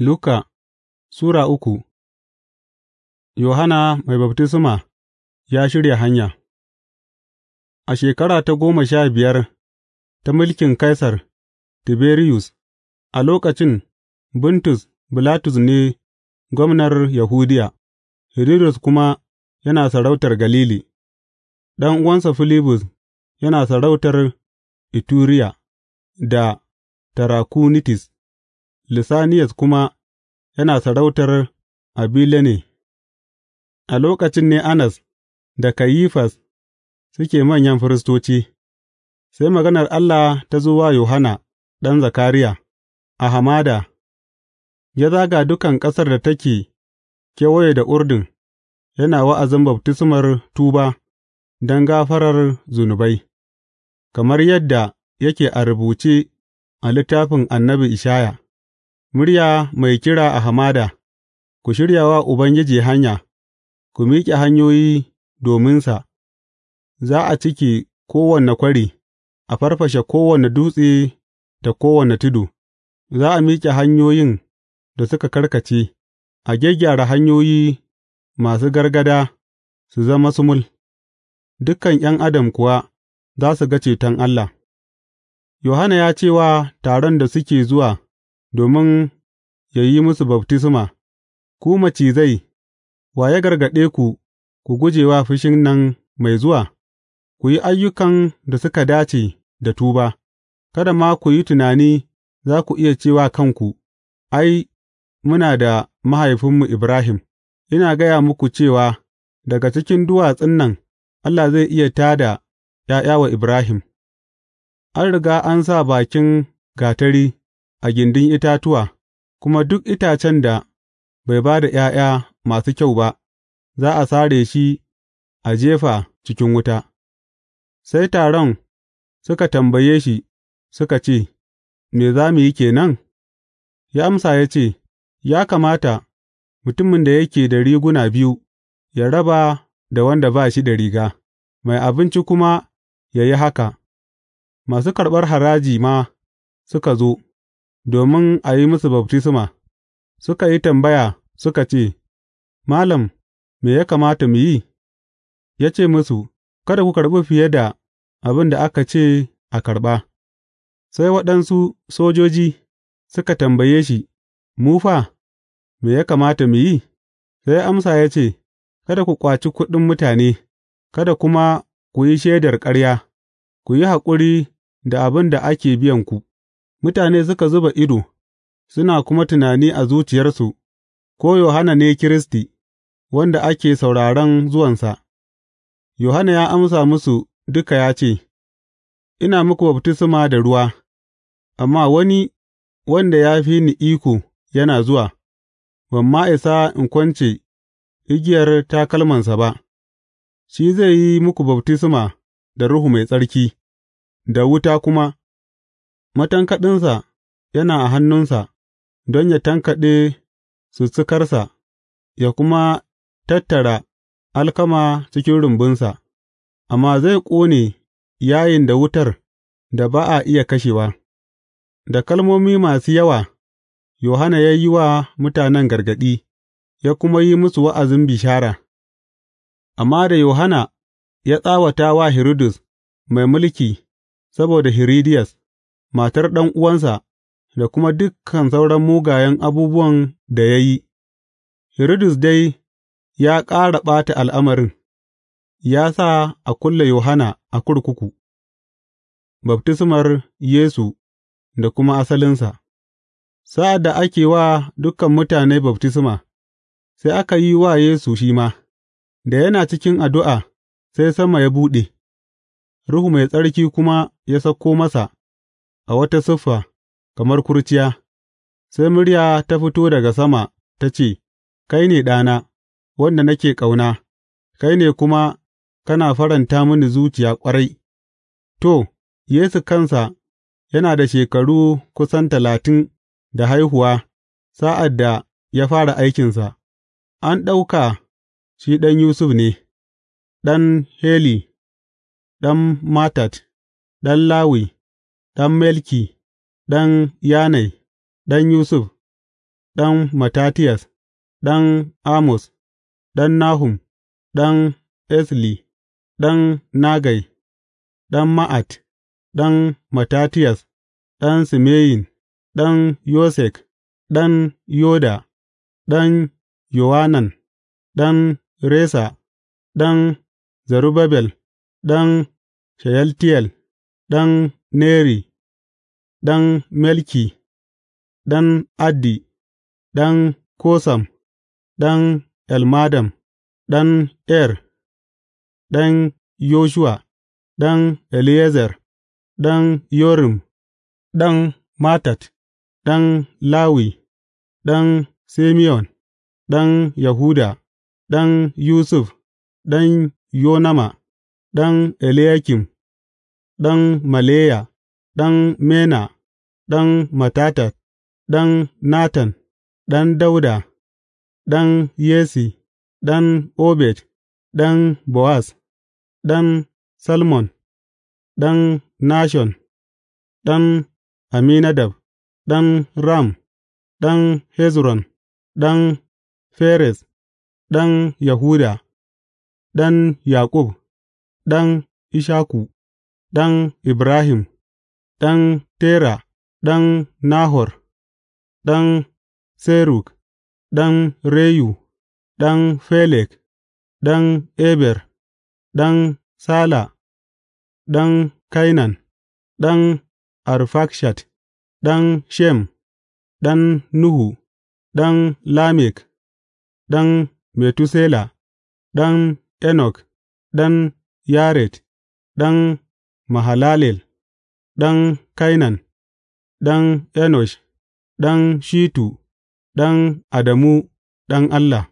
Luka Sura uku yohana Mai Baftisma ya shirya hanya A shekara ta goma sha biyar ta mulkin Kaisar Tiberius, a lokacin Buntus Bilatus ne gwamnar Yahudiya, Hiridus kuma yana sarautar Galili, uwansa Filibus yana sarautar Ituriya da Tarakunitis. Lisaniyas kuma yana sarautar Abila ne, a lokacin ne Anas da Kayifas suke manyan firistoci, sai maganar Allah ta zo wa yohana ɗan Zakariya a hamada, ya zaga dukan ƙasar da take kewaye da Urdun, yana wa'azin baftismar tuba don gafarar zunubai, kamar yadda yake a rubuce a littafin annabi Ishaya. Murya mai kira a hamada, Ku shirya wa Ubangiji hanya, ku miƙe hanyoyi dominsa; za a ciki kowane kwari, a farfashe kowane dutse da kowane tudu; za a miƙe hanyoyin da suka karkace, a gyaggyara hanyoyi masu gargada su zama sumul, dukan ’yan adam kuwa za su ga ceton Allah. Yohana ya ce wa taron da suke zuwa. domin yă yi musu baftisma, ku macizai, wa ya gargaɗe ku ku guje wa fushin nan mai zuwa, ku yi ayyukan da suka dace da tuba, kada ma ku yi tunani za ku iya cewa kanku, Ai, muna da mahaifinmu Ibrahim, ina gaya muku cewa daga cikin duwatsun nan Allah zai iya tada da ’ya'ya wa Ibrahim, an riga an sa bakin gatari. a gindin itatuwa, kuma duk itacen da bai ba da ’ya'ya masu kyau ba, za a sare shi a jefa cikin wuta. Sai taron suka tambaye shi suka ce, Me za mu yi kenan? Ya amsa ya ce, Ya kamata mutumin da yake da riguna biyu ya raba da wanda ba shi da riga, mai abinci kuma ya yi haka, masu karɓar haraji ma suka zo. domin a yi musu baftisma, suka yi tambaya suka ce, Malam, me ya kamata mu yi? Ya ce musu, Kada ku karɓi fiye da abin da aka ce a karɓa. Sai waɗansu sojoji suka tambaye shi, Mufa, me ya kamata mu yi? Sai amsa ya ce, Kada ku ƙwaci kuɗin mutane, kada kuma ku yi shaidar ƙarya, ku yi haƙuri da abin da ake biyan ku. Mutane suka zuba ido, suna kuma tunani a zuciyarsu, Ko Yohana ne Kiristi, wanda ake sauraron zuwansa, Yohana ya amsa musu duka ya ce, Ina muku baftisma da ruwa, amma wani wanda ya fi ni iko yana zuwa, ban ma isa in kwance igiyar takalmansa ba, shi zai yi muku baftisma da Ruhu Mai Tsarki, da wuta kuma. matankaɗinsa yana a hannunsa don yă tankaɗe sussukarsa yă kuma tattara alkama cikin rumbunsa, amma zai ƙone yayin da wutar da ba a iya kashewa, da kalmomi masu yawa. Yohana ya yi wa mutanen gargaɗi, ya kuma yi musu wa'azin bishara, amma da Yohana ya tsawata wa Hiridus mai mulki saboda Hiridiyas, matar ɗan'uwansa, da kuma dukan sauran mugayen abubuwan da ya yi, Hiridus dai ya ƙara ɓata al'amarin, ya sa a kulle Yohana a kurkuku, baftismar Yesu da kuma asalinsa Sa'ad da ake wa dukan mutane baftisma, sai aka yi wa Yesu shi ma, da yana cikin addu'a sai sama ya buɗe, Ruhu Mai Tsarki kuma ya sauko masa. a wata siffa kamar kurciya, sai murya ta fito daga sama ta ce, Kai ne ɗana, wanda nake ƙauna, kai ne kuma kana faranta mini zuciya ƙwarai, to, Yesu kansa yana da shekaru kusan talatin da haihuwa sa'ad da ya fara aikinsa, an ɗauka shi ɗan Yusuf ne, ɗan Heli, ɗan Matat, ɗan Lawi, ɗan Melki, ɗan Yanai, ɗan Yusuf, ɗan Matatiyas, ɗan Amos, ɗan Nahum, ɗan Esli, ɗan Nagai, ɗan Ma'at, ɗan Matatiyas, ɗan Simeyin, ɗan Yosek, ɗan Yoda, ɗan Yohanan. ɗan Resa, ɗan Zerubbabel, ɗan Sheyaltiyel, ɗan Neri. ɗan Melki, ɗan Addi, ɗan Kosam, ɗan Elmadam, ɗan Er, ɗan Yoshuwa, ɗan Eliyezer, ɗan Yorim, ɗan Matat. ɗan Lawi, ɗan Simeyon, ɗan Yahuda, ɗan Yusuf, ɗan Yonama, ɗan Eliyakim, ɗan Maleya, ɗan Mena, ɗan matatat ɗan Natan, ɗan Dauda. ɗan Yesi. ɗan Obed, ɗan Bowaz, ɗan Salmon, ɗan Nashon, ɗan Aminadab. ɗan Ram, ɗan Hezron, ɗan Ferez, ɗan Yahuda, ɗan Yaƙub, ɗan Ishaku, ɗan Ibrahim, ɗan Tera. ɗan Nahor, ɗan Serug, ɗan Reyu, ɗan Felek, ɗan Eber, ɗan Sala, ɗan Kainan, ɗan Arfakshat, ɗan Shem, ɗan Nuhu, ɗan Lamek, ɗan Metusela, ɗan Enok, ɗan Yaret, ɗan Mahalalel, ɗan Kainan. ɗan Enosh, ɗan shitu. ɗan Adamu, ɗan Allah.